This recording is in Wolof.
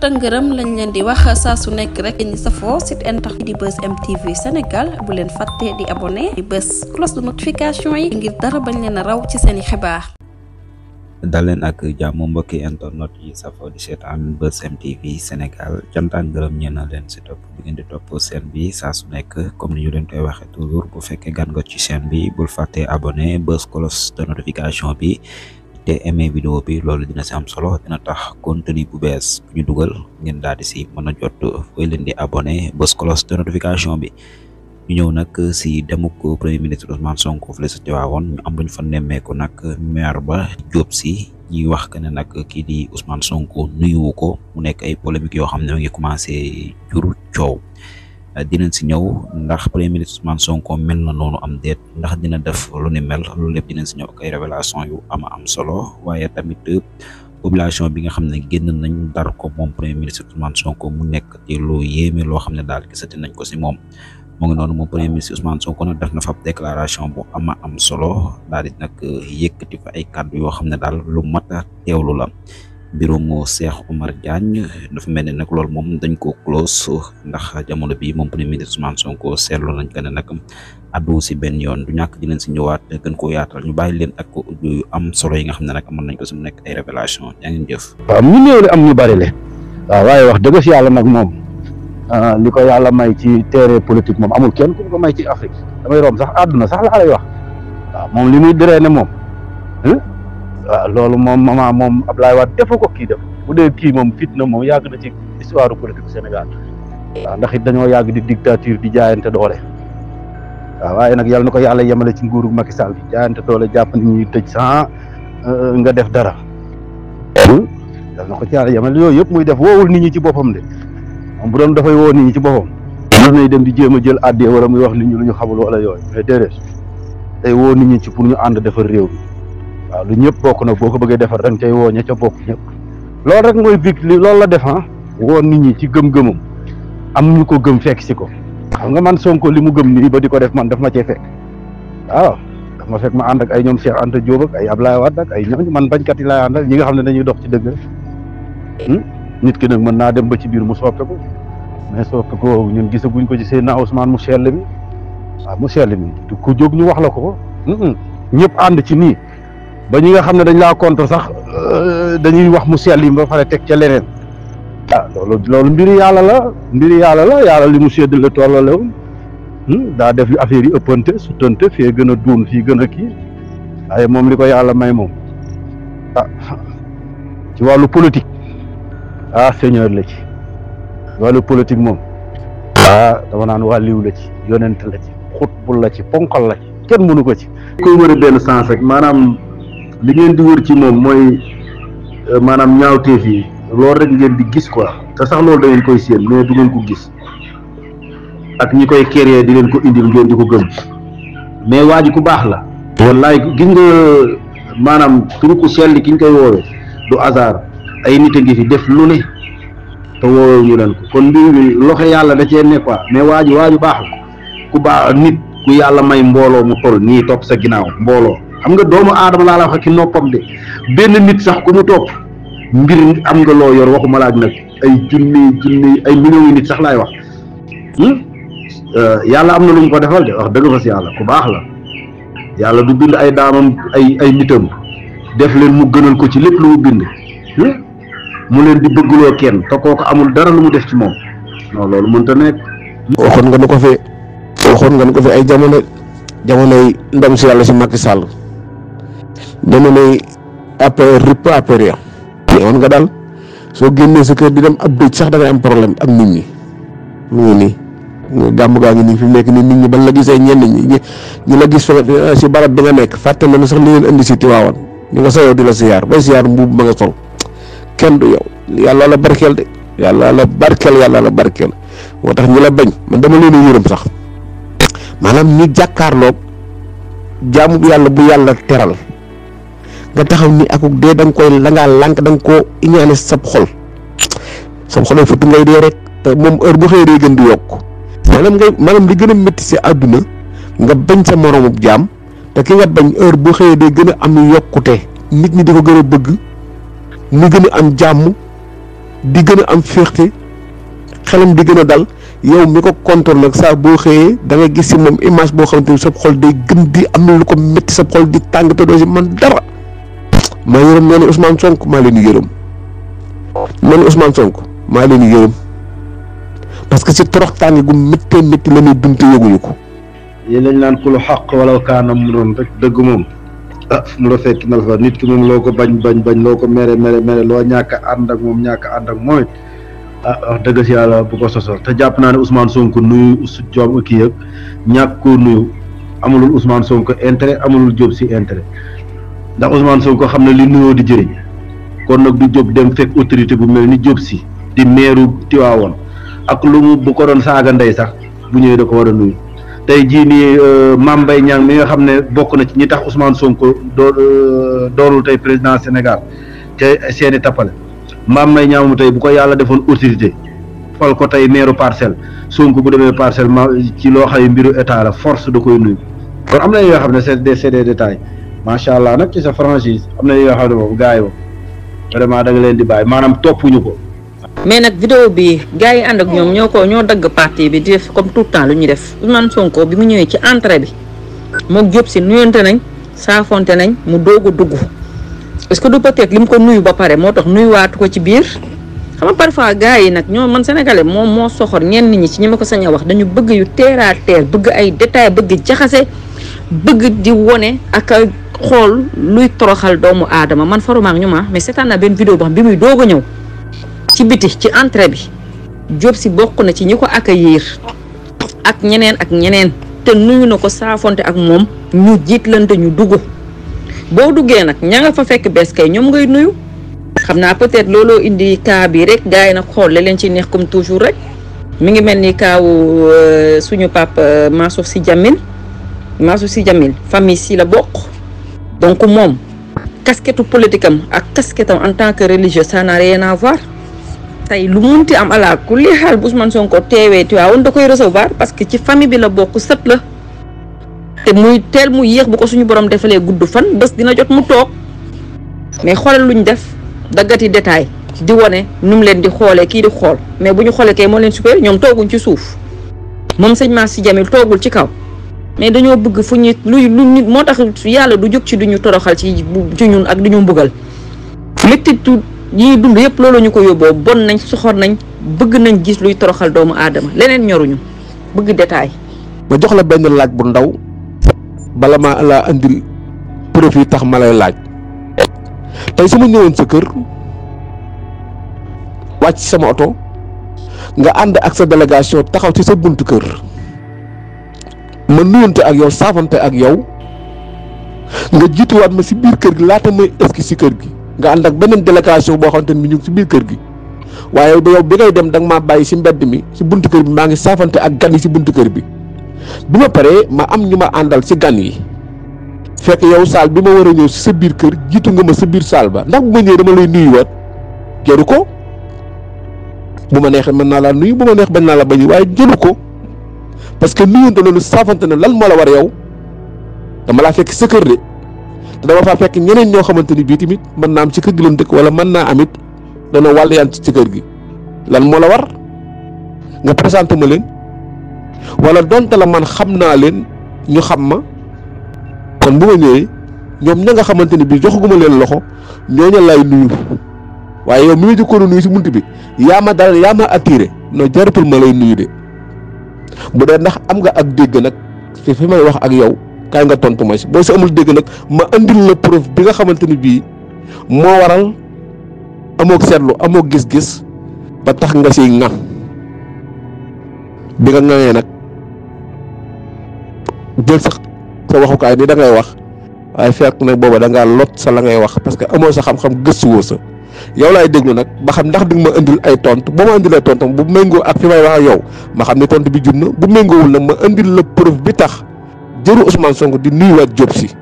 tëngërëm lañ leen di wax saa su nekk rek ñu safoo site internet di bës MTV Sénégal bu leen fàtte di abonné di bës cloche de notification yi ngir dara bañ leen a raw ci seeni xibaar. dal leen ak jàmm mbokki internet yi safoo di am bës MTV Sénégal jantaan gërëm ñeen na leen si topp bi ngeen di topp seen bi saa su nekk comme ni ñu leen koy waxee toujours bu fekkee gan nga ci seen bi bul fàtte abonné bës cloche de notification bi te aimé vidéo bi lolou dina ci am solo dina tax contenu bu bes ñu duggal ngeen daal di si mëna jot way leen di abonné bës cloche de notification bi ñu ñëw nag si demuk premier ministre Ousmane Sonko fële sa Tiwaawoon ñu am buñ fa ko nak maire ba job ci ñi wax que nak ki di Ousmane Sonko nuyu ko mu nekk ay polémique yo xamné ngi commencé juru ciow Euh, dinañ si ñëw ndax premier ministre Ousmane Sonko mel na noonu am déet ndax dina def lu ni mel loolu lépp dina si ñëw ak ay révélation yu ama am solo waaye tamit euh, population bi nga xam ne génn nañ dar ko moom premier ministre Ousmane Sonko mu nekk ci lu loo xam ne daal gisati nañ ko si moom mu ngi noonu moom premier ministre Ousmane Sonko nag def na fa déclaration bu ama am solo daal di nag euh, yëkkati fa ay kàddu yoo xam ne daal lu mat a teewlu la mbirum Cheikh Omar Diagne dafa mel ne nag loolu moom dañ ko close ndax jamono bi moom premier ministre ko Sonko seetlu nañ ko ne nag addu si benn yoon du ñàkk dinañ si ñëwaat gën koo yaatal ñu bàyyi leen ak yu am yi nga xam ne nag amoon nañ ko mu nekk ay révélation yaa waaw am ñu bari le waaye wax dëgg si yàlla nag moom ah, li ko yàlla may ci terrain politique moom amul kenn ku ko may ci Afrique damay romb sax àdduna sax laa lay wax moom li muy dëree ne moom. waaw loolu moom maman moom Abdoulaye Wade defu ko kii def bu dee kii moom fitna moom yàgg na ci histoire politique Sénégal waaw ndax it dañoo yàgg di dictature di jaayante doole waaw waaye nag yàlla na ko yàlla yemale ci nguuru Macky Sall di jaayante doole jàpp ni ñuy tëj sans euh, nga def dara yàlla na ko ci yooyu yëpp muy def woowul nit ñi ci boppam de moom bu doon dafay woo nit ñi ci boppam mën nañ dem di jéem a jël àddee wala muy wax nit ñi lu ñu xamul wala yooyu mais déedéet tey woo nit ñi ci pour ñu ànd defar réew mi waaw lu ñëpp bokk nag boo ko bëggee defar da nga cay woo ña ca bokk ñëpp loolu rek mooy big li loolu la def ah, woon nit ñi ci gëm-gëmam am ñu ko gëm fekk si ko xam nga man Sonko li mu gëm nii ba di ko def man daf ma cee fekk waaw daf ma fekk ma ànd ak ay ñoom Cheikh Anta Diop ak ay Ablaye Wade ak ay ñooñu man bañkat yi laay ànd ak ñi nga xam ne dañuy dox ci dëgg hmm? nit ki nag mën naa dem ba ci biir mu soppeeku mais soppeeku ñun gisaguñ ko ci Seydina Ousmane mu sell mi waaw mu sell mi ku jóg wax la ko hmm, hmm. ñëpp ànd ci nii ba ñi nga xam ne dañ laa contre sax euh, dañuy wax mu sell yi ba pare teg ca leneen ah loolu mbir yàlla la mbir yàlla la yàlla li mu séddale la tollalewul hmm, daa def yu affaire yi ëppante suttante fee gën a duun fii gën a kii waaye moom li ko yàlla may moom ah ci wàllu politique ah seigneur la ci wàllu politique moom ah dama naan wàlliw la ci yonent la ci xutbul la ci ponkal la ci kenn mënu ko ci koy wër benn sens rek maanaam li ngeen di wër ci moom mooy euh, maanaam ñaawteef yi loolu rek ngeen di gis quoi te sax loolu da ngeen koy séen mais du ngeen ko gis ak ñi koy créer di leen ko indil ngeen di ko gëm mais waaju ku baax la. wallaay gis nga maanaam turu ku sell ki koy woowee du hasard ay nit a ngi fi def lu ne te kon mbir bi loxo yàlla da cee ne quoi mais waa ji waa ji baax la ku baax nit ku yàlla may mbooloo mu toll nii topp sa ginnaaw mbooloo. xam nga doomu aadama laa la wax ci noppam de benn nit sax ku mu topp mbir am nga loo yor waxuma la ak nag ay junni junni ay millions nit sax laay wax hmm? euh, yàlla am na lu mu ko defal de wax dëgg fa si yàlla ku baax la yàlla du bind ay daamam ay ay nitam def leen mu gënal ko ci lépp lu mu bind hmm? mu leen di bëggloo kenn te ko amul dara lu mu def ci moom non loolu mënta nekk. waxoon nga nu ko fi waxoon nga nu ko fi ay jamono jamonoy ndam si yàlla si dama lay APR rëpp APR ya yoon nga dal so génnee sa kër di dem ab sax da ngay am problème ak nit ñi ñu ni nii gàmm gaa ngi nii fi nek ni nit ñi ban la gisé ñen ñi ñi la gis ci eh, barab bi nga nek faté na sax li leen andi ci Tiwaawan ñu nga sayo di la siyaar bay siyaar mbuub ma nga sol kenn du yow yalla la barkel de yalla la barkel yalla la barkel motax ñu la bañ man dama leen a yërëm sax maanaam ñu jàkkaarloog jaamu yàlla bu yalla teral nga taxaw ni akuk de dang koy la nga lank dang ko koo iñaane sab xol sab xol ngay de rek te mom heure bu xëy gën di yok manam ngay manam li gëna metti ci si nga bañ sa moromub jam te ki nga bañ heure bu xëy de gëna a am yokute nit ni diko gëna bëgg ni gëna am jam di gëna am fierté xelam di gëna dal yow mi ko kontor nak sa bo xeye da nga gis ci mom image bo xamanteni sa xol day gën di am lu ko metti sa xol di tang te do ci man dara ma yërëm nee na Ousmane Sonko maa leen di yërëm nee na Ousmane Sonko maa leen di yërëm parce que si toroxtaange gu méttee métti la ñuy dund yëguñu ko. yéen lañ naan ku lu xàq wala kaanam mu doon rek dëgg moom ah mu la fekk na fa nit ki moom loo ko bañ bañ bañ loo ko mere mere mere loo ñàkk a ànd ak moom ñàkk a ànd ak moom it ah wax dëgg si yàlla bu ko sosol te jàpp naa ne Ousmane Sonko nuyu su joom kii yëpp ñàkk koo nuyu amulul Ousmane Sonko intérêt amulul Diop si intérêt. ndax Ousmane ko xam na li nuyoo di jëriñ kon nag du jóg dem fekk autorité bu mel ni Diop si di meeru Tiwaawoon ak lu mu bu ko doon saaga ndey sax bu ñëwee da ko war a nuyu tey jii nii euh, Mame mbay Niang mi nga xam ne bokk na ci ñi tax Ousmane Sonko doo euh, doonul tey président Sénégal te seeni tappale Mame Mbaye Niang mu tey bu ko yàlla defoon autorité fal ko tey meeru parcelle Sonko bu demee parcelle ma ci loo xam yi mbiru état la force da koy nuyu kon am na yoo xam ne c'est des c'est des détails macha allah nag ci sa franchise am na yi nga xam ne moom gars yi da nga leen di bàyyi maanaam toppuñu ko. mais nag vidéo bi gars yi ànd ak ñoom ñoo ko ñoo dagg parti bi di def comme tout le temps lu ñuy def Ousmane Sonko bi mu ñëwee ci entrée bi moom Diop si nuyonte nañ saafonte nañ mu doog a dugg est que du peut-être li mu ko nuyu ba pare moo tax nuyuwaatu ko ci biir. xam nga parfois gars yi nag ñoo man sénégalais moom moo soxor ñenn nit ñi ci ñu ma ko sañ a wax dañu bëgg yu teer a teer bëgg ay détails bëgg jaxase bëgg di wone ak xool luy toroxal doomu aadama man farumaak ñu ma ah, mais seetaan naa benn vidéo boo xam bi muy doog a ñëw ci biti ci entrée bi Diop si bokk na ci ñi ko ak accueillir ak ñeneen ak ñeneen te nuyu na ko saafonte ak moom ñu jiitlante ñu dugg boo duggee nag ña nga fa fekk bees kay ñoom ngay nuyu xam naa peut-être looloo indi cas bi rek gars yi nag xool la leen ci neex comme toujours rek mi ngi mel ni kaawu euh, suñu pap euh, Mansour si Djamil Mansour si Djamil famille si la bokk donc moom casquette politique am ak casquette am en tant que religieux ça n'a rien à voir tey lu munti am ala ku li xaal bu Ousmane Sonko teewee Tivaouane da koy recevoir parce que ci famille bi la bokk sët la te muy teel mu yéex bu ko suñu borom defalee gudd fan bés dina jot mu toog mais xoolal luñ def daggati détail di wone nu mu leen di xoolee kii di xool mais bu ñu xoolee kay moo leen supérieur ñoom tooguñ ci suuf moom sëñ si Jamil toogul ci kaw. mais dañoo bëgg fu ñu luy lu nit moo tax yàlla du jóg ci duñu toroxal ci ci ñun ak duñu mbugal mettitu yi dund yëpp loolu ñu ko yóbboo bon nañ soxor nañ bëgg nañ gis luy toroxal doomu aadama leneen ñoruñu bëgg détail ma jox la benn laaj bu ndaw bala ma laa andil profit tax ma lay laaj tey su ma ñëwoon sa kër wàcc sama oto nga ànd ak sa délégation taxaw ci sa buntu kër ma nuyonte ak yow saafante ak yow nga wat ma ci bir kër gi laata may ëski ci kër gi nga and ak benen délégation bo xamanteni ñu ci bir biir kër gi waaye yow bi ngay dem dag ma bayyi ci mbedd mi ci buntu kër bi ma ngi saafante ak gan yi buntu kër bi bima ma ma am ñuma andal ci gan yi fekk yow sal bi ma war a ñëw sa bir kër jitu nga ma sa bir sal ba ndax bu ñew dama lay wat jëru ko buma ma man na la nuyu buma neex bañ na la bañu waye jëru ko parce que nuyonte loolu saafante na lan moo la war yow dama laa fekk sa kër de te dama faa fekk ñeneen ñoo xamante ni bii tamit mën naa am ci kër gi lan dëkk wala mën naa amit dana wàll ci kër gi lan moo la war nga présenté ma leen wala donte la man xam naa leen ñu xam ma kon bu ma ñëwee ñoom ña nga xamante ni bii joxaguma leen loxo ñooñu lay nuyu waaye yow mi ma jëkkoon nuyu si bunt bi yaa ma dal yaa ma attiré non jaratul ma lay nuyu de bu dee ndax am nga ak dégg nag fi fi may wax ak yow kaay nga tontu ma si boo si amul dégg nag ma andil la preuve bi nga xamante ni bii moo waral amu seetlu amook gis-gis ba tax nga siy ŋan bi nga ŋaŋee nag jël sax sa waxukaay ni da ngay wax waaye fekk nag booba da ngaa lot sa la ngay wax parce que amoo sa xam-xam sa yow laay déglu nag ba xam ndax di ma indil ay tontu boo ma indilee tontu bu méngoo ak fi may wax ak yow ma xam ne tontu bi jub na bu méngoowul nag ma indil la preuve bi tax jëru Ousmane Sonko di nuyuwaat Diop si